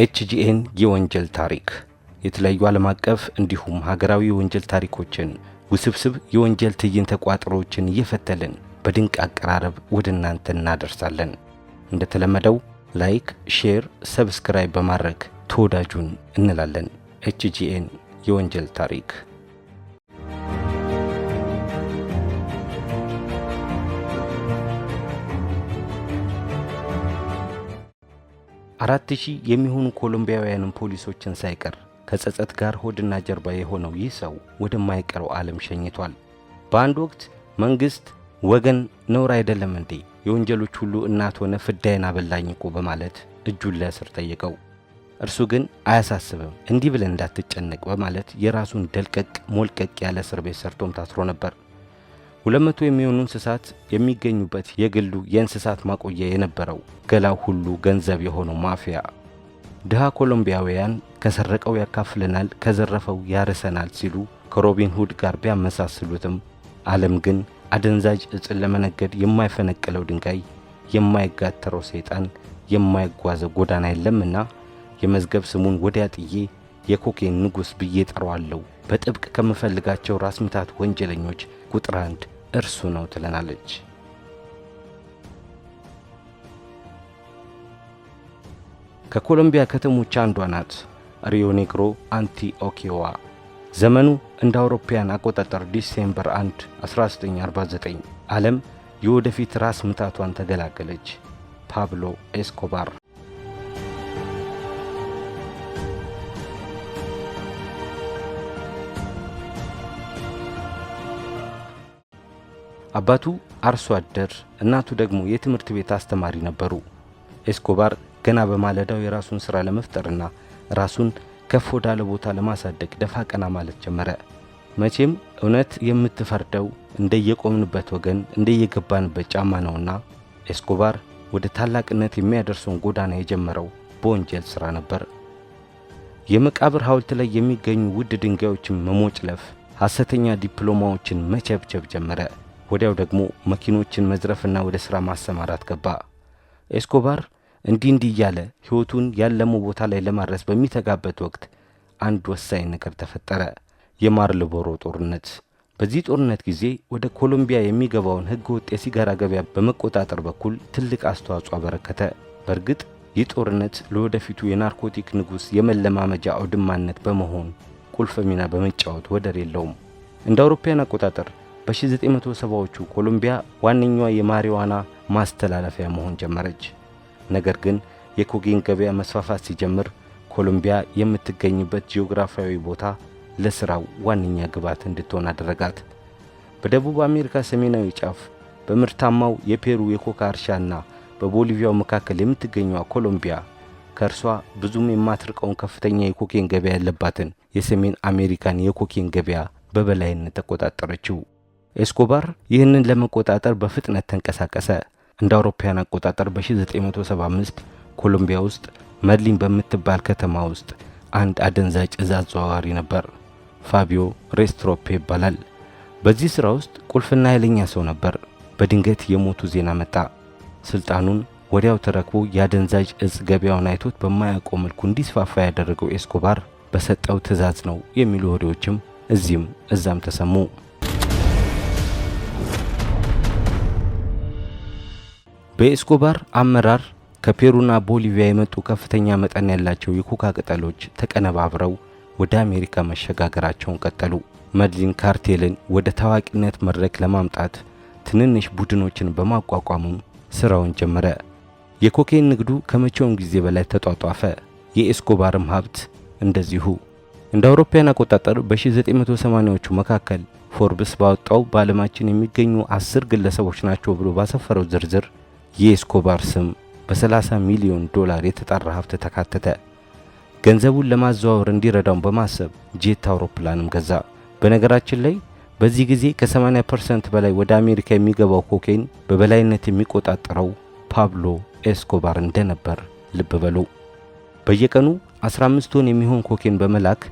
ኤችጂኤን የወንጀል ታሪክ የተለያዩ ዓለም አቀፍ እንዲሁም ሀገራዊ የወንጀል ታሪኮችን ውስብስብ የወንጀል ትዕይንተ ቋጠሮዎችን እየፈተልን በድንቅ አቀራረብ ወደ እናንተ እናደርሳለን። እንደተለመደው ላይክ፣ ሼር፣ ሰብስክራይብ በማድረግ ተወዳጁን እንላለን። ኤችጂኤን የወንጀል ታሪክ አራት ሺህ የሚሆኑ ኮሎምቢያውያንን ፖሊሶችን ሳይቀር ከጸጸት ጋር ሆድና ጀርባ የሆነው ይህ ሰው ወደማይቀረው ዓለም ሸኝቷል። በአንድ ወቅት መንግሥት ወገን ነውር አይደለም እንዴ የወንጀሎች ሁሉ እናት ሆነ ፍዳይን አበላኝ እኮ በማለት እጁን ለእስር ጠየቀው። እርሱ ግን አያሳስብም እንዲህ ብለን እንዳትጨነቅ በማለት የራሱን ደልቀቅ ሞልቀቅ ያለ እስር ቤት ሰርቶም ታስሮ ነበር። ሁለመቶ የሚሆኑ እንስሳት የሚገኙበት የግሉ የእንስሳት ማቆያ የነበረው ገላው ሁሉ ገንዘብ የሆነው ማፊያ ድሃ ኮሎምቢያውያን ከሰረቀው ያካፍለናል፣ ከዘረፈው ያርሰናል ሲሉ ከሮቢን ሁድ ጋር ቢያመሳስሉትም ዓለም ግን አደንዛዥ እጽን ለመነገድ የማይፈነቅለው ድንጋይ፣ የማይጋተረው ሰይጣን፣ የማይጓዘ ጎዳና የለምና የመዝገብ ስሙን ወዲያ ጥዬ የኮኬን ንጉሥ ብዬ ጠሯዋለሁ። በጥብቅ ከምፈልጋቸው ራስ ምታት ወንጀለኞች ቁጥር አንድ እርሱ ነው ትለናለች። ከኮሎምቢያ ከተሞች አንዷ ናት ሪዮ ኔግሮ አንቲኦኪዋ። ዘመኑ እንደ አውሮፓያን አቆጣጠር ዲሴምበር 1 1949 ዓለም የወደፊት ራስ ምታቷን ተገላገለች። ፓብሎ ኤስኮባር አባቱ አርሶ አደር፣ እናቱ ደግሞ የትምህርት ቤት አስተማሪ ነበሩ። ኤስኮባር ገና በማለዳው የራሱን ሥራ ለመፍጠርና ራሱን ከፍ ወዳለ ቦታ ለማሳደግ ደፋ ቀና ማለት ጀመረ። መቼም እውነት የምትፈርደው እንደየቆምንበት ወገን እንደየገባንበት ጫማ ነውና ኤስኮባር ወደ ታላቅነት የሚያደርሰውን ጎዳና የጀመረው በወንጀል ሥራ ነበር። የመቃብር ሐውልት ላይ የሚገኙ ውድ ድንጋዮችን መሞጭለፍ፣ ሐሰተኛ ዲፕሎማዎችን መቸብቸብ ጀመረ። ወዲያው ደግሞ መኪኖችን መዝረፍና ወደ ሥራ ማሰማራት ገባ። ኤስኮባር እንዲህ እንዲህ እያለ ሕይወቱን ያለመው ቦታ ላይ ለማድረስ በሚተጋበት ወቅት አንድ ወሳኝ ነገር ተፈጠረ፣ የማርልቦሮ ጦርነት። በዚህ ጦርነት ጊዜ ወደ ኮሎምቢያ የሚገባውን ሕገ ወጥ የሲጋራ ገበያ በመቆጣጠር በኩል ትልቅ አስተዋጽኦ አበረከተ። በእርግጥ ይህ ጦርነት ለወደፊቱ የናርኮቲክ ንጉሥ የመለማመጃ አውድማነት በመሆን ቁልፍ ሚና በመጫወት ወደር የለውም። እንደ አውሮፓውያን አቆጣጠር በ1970ዎቹ ኮሎምቢያ ዋነኛዋ የማሪዋና ማስተላለፊያ መሆን ጀመረች። ነገር ግን የኮኬን ገበያ መስፋፋት ሲጀምር ኮሎምቢያ የምትገኝበት ጂኦግራፊያዊ ቦታ ለሥራው ዋነኛ ግብዓት እንድትሆን አደረጋት። በደቡብ አሜሪካ ሰሜናዊ ጫፍ በምርታማው የፔሩ የኮካ እርሻና በቦሊቪያው መካከል የምትገኘዋ ኮሎምቢያ ከእርሷ ብዙም የማትርቀውን ከፍተኛ የኮኬን ገበያ ያለባትን የሰሜን አሜሪካን የኮኬን ገበያ በበላይነት ተቆጣጠረችው። ኤስኮባር ይህንን ለመቆጣጠር በፍጥነት ተንቀሳቀሰ። እንደ አውሮፓውያን አቆጣጠር በ1975 ኮሎምቢያ ውስጥ መድሊን በምትባል ከተማ ውስጥ አንድ አደንዛዥ እጽ አዘዋዋሪ ነበር። ፋቢዮ ሬስትሮፔ ይባላል። በዚህ ሥራ ውስጥ ቁልፍና ኃይለኛ ሰው ነበር። በድንገት የሞቱ ዜና መጣ። ስልጣኑን ወዲያው ተረክቦ የአደንዛዥ እጽ ገበያውን አይቶት በማያውቀው መልኩ እንዲስፋፋ ያደረገው ኤስኮባር በሰጠው ትዕዛዝ ነው የሚሉ ወሬዎችም እዚህም እዛም ተሰሙ። በኤስኮባር አመራር ከፔሩና ቦሊቪያ የመጡ ከፍተኛ መጠን ያላቸው የኮካ ቅጠሎች ተቀነባብረው ወደ አሜሪካ መሸጋገራቸውን ቀጠሉ። መድሊን ካርቴልን ወደ ታዋቂነት መድረክ ለማምጣት ትንንሽ ቡድኖችን በማቋቋሙም ስራውን ጀመረ። የኮኬን ንግዱ ከመቼውም ጊዜ በላይ ተጧጧፈ። የኤስኮባርም ሀብት እንደዚሁ። እንደ አውሮፓውያን አቆጣጠር በ1980ዎቹ መካከል ፎርብስ ባወጣው በዓለማችን የሚገኙ አስር ግለሰቦች ናቸው ብሎ ባሰፈረው ዝርዝር የኤስኮባር ስም በ30 ሚሊዮን ዶላር የተጣራ ሀብት ተካተተ። ገንዘቡን ለማዘዋወር እንዲረዳውን በማሰብ ጄት አውሮፕላንም ገዛ። በነገራችን ላይ በዚህ ጊዜ ከ80 ፐርሰንት በላይ ወደ አሜሪካ የሚገባው ኮኬን በበላይነት የሚቆጣጠረው ፓብሎ ኤስኮባር እንደነበር ልብ በሉ። በየቀኑ 15 ቶን የሚሆን ኮኬን በመላክ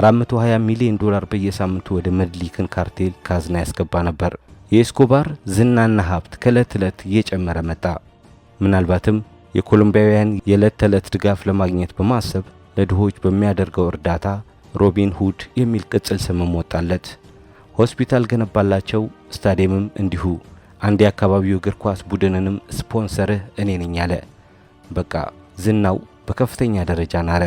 420 ሚሊዮን ዶላር በየሳምንቱ ወደ መድሊክን ካርቴል ካዝና ያስገባ ነበር። የኤስኮባር ዝናና ሀብት ከእለት ዕለት እየጨመረ መጣ። ምናልባትም የኮሎምቢያውያን የዕለት ተዕለት ድጋፍ ለማግኘት በማሰብ ለድሆች በሚያደርገው እርዳታ ሮቢን ሁድ የሚል ቅጽል ስምም ወጣለት። ሆስፒታል ገነባላቸው፣ ስታዲየምም እንዲሁ። አንድ የአካባቢው እግር ኳስ ቡድንንም ስፖንሰርህ እኔ ነኝ አለ። በቃ ዝናው በከፍተኛ ደረጃ ናረ።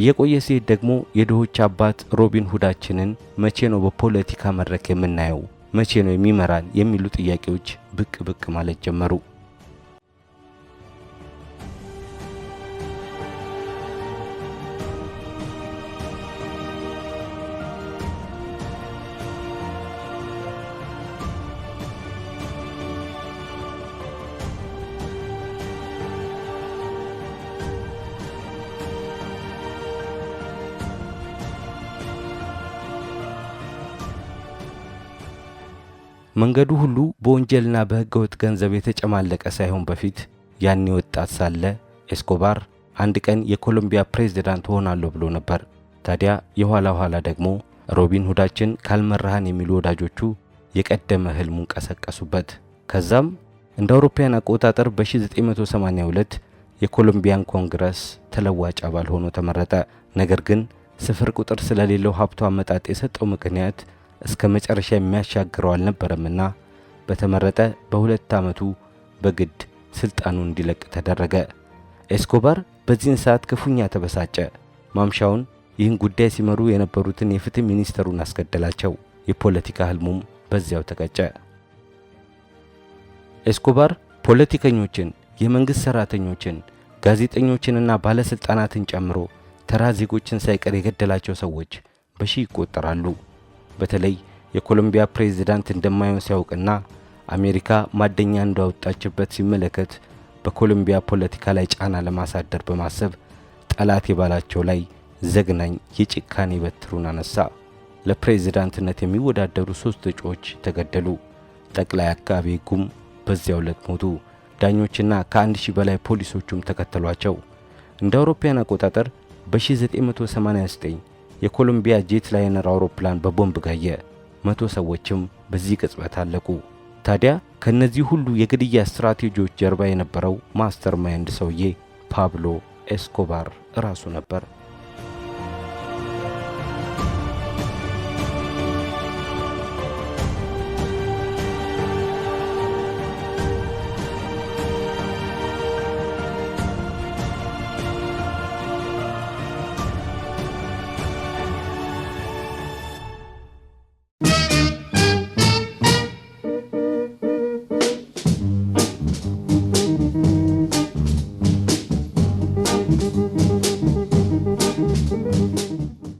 እየቆየ ሲሄድ ደግሞ የድሆች አባት ሮቢን ሁዳችንን መቼ ነው በፖለቲካ መድረክ የምናየው መቼ ነው የሚመራን የሚሉ ጥያቄዎች ብቅ ብቅ ማለት ጀመሩ። መንገዱ ሁሉ በወንጀልና በሕገወጥ ገንዘብ የተጨማለቀ ሳይሆን በፊት ያኔ ወጣት ሳለ ኤስኮባር አንድ ቀን የኮሎምቢያ ፕሬዝዳንት ሆናለሁ ብሎ ነበር። ታዲያ የኋላ ኋላ ደግሞ ሮቢን ሁዳችን ካልመራሃን የሚሉ ወዳጆቹ የቀደመ ህልሙን ቀሰቀሱበት። ከዛም እንደ አውሮፓውያን አቆጣጠር በ1982 የኮሎምቢያን ኮንግረስ ተለዋጭ አባል ሆኖ ተመረጠ። ነገር ግን ስፍር ቁጥር ስለሌለው ሀብቱ አመጣጥ የሰጠው ምክንያት እስከ መጨረሻ የሚያሻግረው አልነበረምና በተመረጠ በሁለት ዓመቱ በግድ ሥልጣኑን እንዲለቅ ተደረገ። ኤስኮባር በዚህን ሰዓት ክፉኛ ተበሳጨ። ማምሻውን ይህን ጉዳይ ሲመሩ የነበሩትን የፍትህ ሚኒስተሩን አስገደላቸው። የፖለቲካ ህልሙም በዚያው ተቀጨ። ኤስኮባር ፖለቲከኞችን፣ የመንግሥት ሠራተኞችን፣ ጋዜጠኞችንና ባለሥልጣናትን ጨምሮ ተራ ዜጎችን ሳይቀር የገደላቸው ሰዎች በሺ ይቆጠራሉ። በተለይ የኮሎምቢያ ፕሬዝዳንት እንደማይሆን ሲያውቅና አሜሪካ ማደኛ እንዳወጣችበት ሲመለከት በኮሎምቢያ ፖለቲካ ላይ ጫና ለማሳደር በማሰብ ጠላት የባላቸው ላይ ዘግናኝ የጭካኔ በትሩን አነሳ። ለፕሬዝዳንትነት የሚወዳደሩ ሶስት እጩዎች ተገደሉ። ጠቅላይ አቃቤ ሕጉም በዚያው ዕለት ሞቱ። ዳኞችና ከአንድ ሺህ በላይ ፖሊሶቹም ተከተሏቸው። እንደ አውሮፓውያን አቆጣጠር በ1989 የኮሎምቢያ ጄት ላይነር አውሮፕላን በቦምብ ጋየ። መቶ ሰዎችም በዚህ ቅጽበት አለቁ። ታዲያ ከእነዚህ ሁሉ የግድያ ስትራቴጂዎች ጀርባ የነበረው ማስተር ማይንድ ሰውዬ ፓብሎ ኤስኮባር ራሱ ነበር።